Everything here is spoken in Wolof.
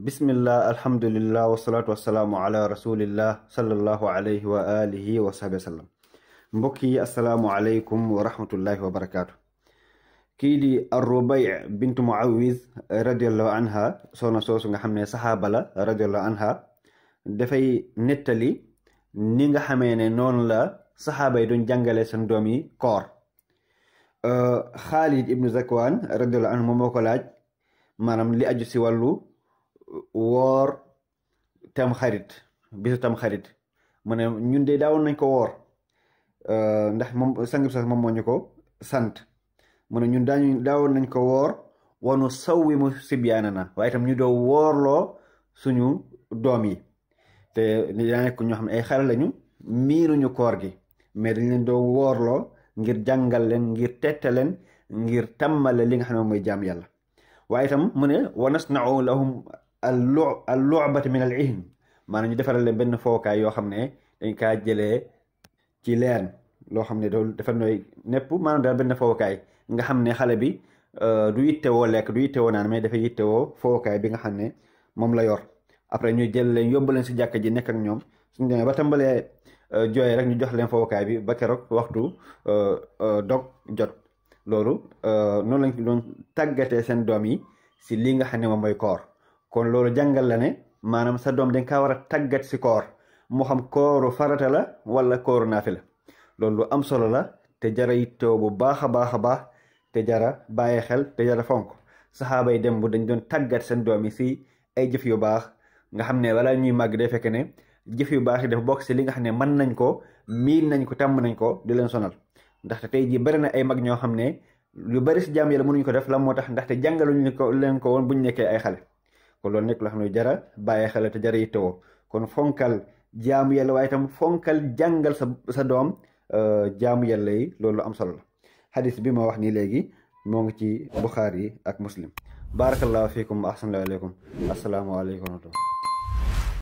bismillah alhamdulillah wasalaatu wasalaamu ala rasulillah sallallahu alayhi wa alihi wa sahbi sallam mbokk yi asalaamu aleykum wa rahmatullahi wa barakaatu kii di arrubay bint muawiz radiallahu anha soosu nga xam ne saxaaba la radiallahu nettali ni nga xamee ne noonu la saxaaba yi doon jàngale seen doom yi koor euh, xaalid ibnu zakwan radiallahu anhu moom moo ko maanaam li aju si wallu woor tam xarit bisu tam xarit mu ne ñun de daawoon nañ ko woor euh, ndax moom sang moom moo ñu ko sant mu ne ñun daañu daawoon nañ ko woor wanu sawwi mu sibyaana na waaye itam ñu doo woorloo suñu doom yi te daa nekk ñoo xam ne ay xale lañu miiruñu koor gi mais dañ leen doo woorloo ngir jàngal leen ngir tette leen ngir tàmmale li nga xam ne mooy jaam yàlla waaye itam mu ne wa nasnau lahum a loo loo allubati min al ihn maanaam ñu defaral leen benn fookaay yoo xam ne dañ kaa jëlee ci leen loo xam ne dool dafa nooy népp benn fookaay nga xam ne xale bi euh, du yittewoo lekk du yittewoo naan mais dafa yittewoo fookaay bi nga xam ne moom la yor après ñu jël leen yóbbu leen si jàkka ji nekk ak ñoom suñu demee ba tàmbalee euh, jooy rek ñu jox leen fookaay bi ba keroog waxtu euh, dog jot loolu noonu lañ doon tàggatee seen doom yi si lii nga xam ne moom mooy koor kon loolu jàngal la ne maanaam sa doom danga kaa war a tàggat si koor mu xam kooru farata la wala kooru naafila loolu lu am solo la te jara yittoo bu baax a baax a baax te jara bàyyi xel te jara fonk saxaaba yi dem bu dañ doon tàggat seen doom yi si ay jëf yu baax nga xam ne wala ñuy màgg day fekk ne jëf yu baax yi dafa bokk si li nga xam ne mën nañ ko miin nañ ko tàmm nañ ko di leen sonal ndaxte tey jii bari na ay mag ñoo xam ne lu bari si jaam yàlla mënuñ ko def la moo tax ndaxte jàngaluñ ko leen ko woon buñ nekkee ay xal kon loolu nekk loo xam ne jara bàyyi xel jara yi yittewoo kon fonkal jaamu yàlla waaye itam fonkal jàngal sa sa doom euh, jaamu yàlla yi loolu am solo la bi ma wax nii léegi moo ngi ci buxaar yi ak muslim barakallahu fiikum ahsanallahu aleykum asalaamaaleykum